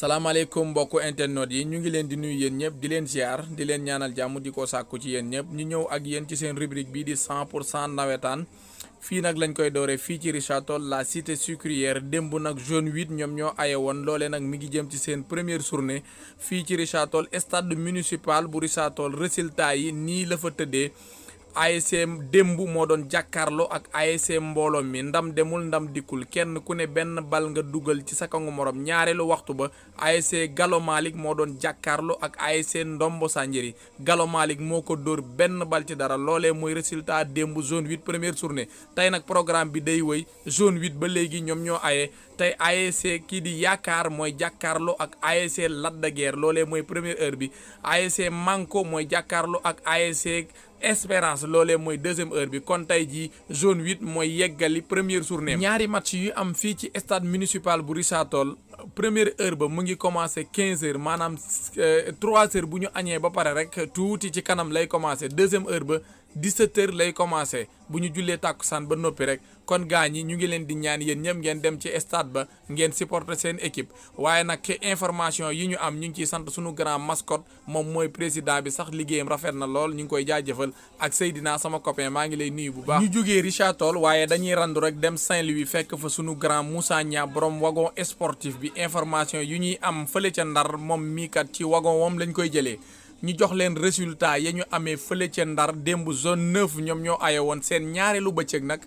salaamaaleykum mbokku internet yi ñu ngi leen di nuyu yéen ñëpp di leen ziar di leen ñaanal jàmm di ko sàkku ci yéen ñëpp ñu ñëw ak yéen ci seen rubrique bii di 100 pour cent nawetaan fii nag lañ koy dooree fii ci Richard Toll la cité sucrière démb nag jeune 8 ñoom ñoo aye woon loolee nag mi ngi jëm ci seen première journée fii ci Richard Toll stade municipal bu Richard Toll résultat yi nii la fa tëddee. ASM démb moo doon jàkkaarloo ak ASM mbooloo mi ndam demul ndam dikkul kenn ku ne benn bal nga dugal ci sa kangu morom ñaareelu waxtu ba ASC Gallo Malick moo doon jàkkaarloo ak ASC Ndombo Sanjiri Gallo Malick moo ko dóor benn bal ci dara loolee mooy résultat démb zone huit première journée tey nag programme bi day wëy zone huit ba léegi ñoom ñoo aye tey ASC kii di yaakaar mooy jàkkaarloo ak ASC Lac de Guiers loolee mooy premier heure bi ASC Manko mooy jàkkaarloo ak ASC espérance loolee mooy deuxième heure bi kon tey jii zone huit mooy yeggali première journée ñaari match yu am fii ci stade municipal bu Richard Toll première heure ba mu ngi commencé quinze heures maanaam euh, trois heures bu ñu añee ba pare rek tuuti ci kanam lay commencé deuxième heure ba 17 heures lay commencé bu ñu jullee sant ba noppi rek kon gaa ñi ñu ngi leen di ñaan yéen ñëpp ngeen dem ci stade ba ngeen supporter seen équipe waaye nag information yi ñu am ñu ngi ciy sant suñu grand maskot moom mooy président bi sax liggéeyam rafet na lool ñu ngi koy jaajëfal ak Seydina sama copain maa ngi lay nuyu bu baax. ñu jógee Richard Toll waaye dañuy randu rek dem Saint-Louis fekk fa sunu grand Moussa Niang borom wagon sportif bi information yu ñuy am fële Ndar moom mii kat ci wagon moom lañ koy jëlee. ñu jox leen résultat ya ñu amee fële ca ndar démb zone neuf ñoom ñoo aye woon seen ñaareelu bëccëg nag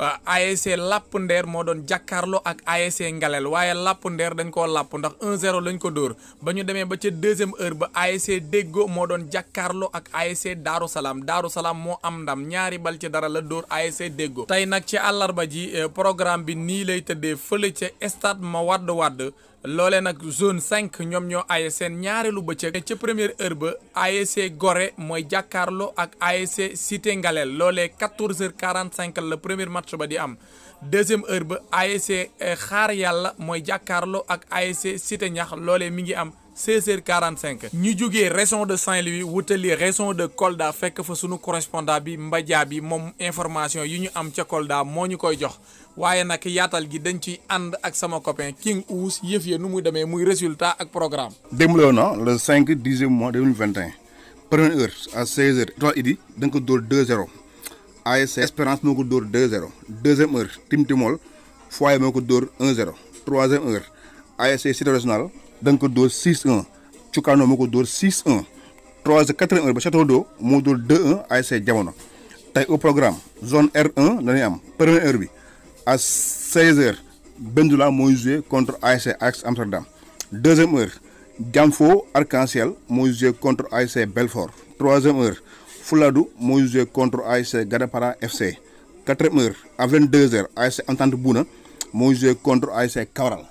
euh, ASC làpp ndeer moo doon jàkkaarloo ak ASC ngalel waaye làpp ndeer dañ ko làpp ndax 1-0 lañ ko dóor ba ñu demee ba ca deuxième heure ba ASC déggoo moo doon jàkkaarloo ak ASC daaru salaam daaru salaam moo am ndam ñaari bal ci dara la dóor ASC déggoo tey nag ci àllarba ji euh, programme bi nii lay tëddee fële ca stade ma wadd wadd loolee nag zone 5 ñoom ñoo aye seen ñaareelu bëccëg ca première heure ba ASC gore mooy jàkkaarloo ak ASC ngaleel Ngalel loolee 14h45 la première match ba di am deuxième heure ba ASC eh, Xaar Yàlla mooy jàkkaarloo ak ASC Cité Ñax loole mi ngi am. 16 heures 45 ñu jógee région de Saint-Louis wutali région de Kolda fekk fa sunu correspondant bi Mbadia bi moom information yi ñu am ca colda moo ñu koy jox waaye nag yaatal gi dañ ci ànd ak sama copain King Ous yëf ya nu muy demee muy résultat ak programme. démb la woon ah, le 5 10e mois 2021 première heure à 16 heures étoile Idi da ko dóor 2-0 ASC Espérance moo ko dóor 2-0 deuxième heure Tim Timol Foyer moo ko dóor 1-0 troisième heure ASC Cité Nationale. da ko dóor 6-1 Cukaano moo ko dóor 6-1 3 4-1 ba Château d'Eau moo dóor 2-1 ASC Jamono tey au programme zone r un dañuy am première heure bi à 16h Bendula mooy joué contre ASC Ajax Amsterdam deuxième heure Jamfo Arc-en-Ciel mooy joué contre ASC Belfort troisième heure Fouladou mooy joué contre ASC Gadapara FC quatrième heure à vingt deux ASC Entente Bouna mooy joué contre ASC Kawaral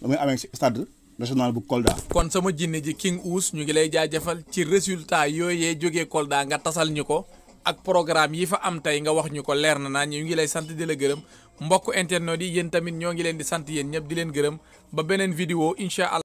damay amee si stade. national bu Kolda. kon sama jinne ji King Ous ñu ngi lay jaajëfal ci résultat yooyee jógee Kolda nga tasal ñu ko ak programme yi fa am tey nga wax ñu ko leer na naa ñu ngi lay sant di la gërëm mbokk internet yi yéen tamit ñoo ngi leen di sant yéen ñëpp di leen gërëm ba beneen vidéo incha allah.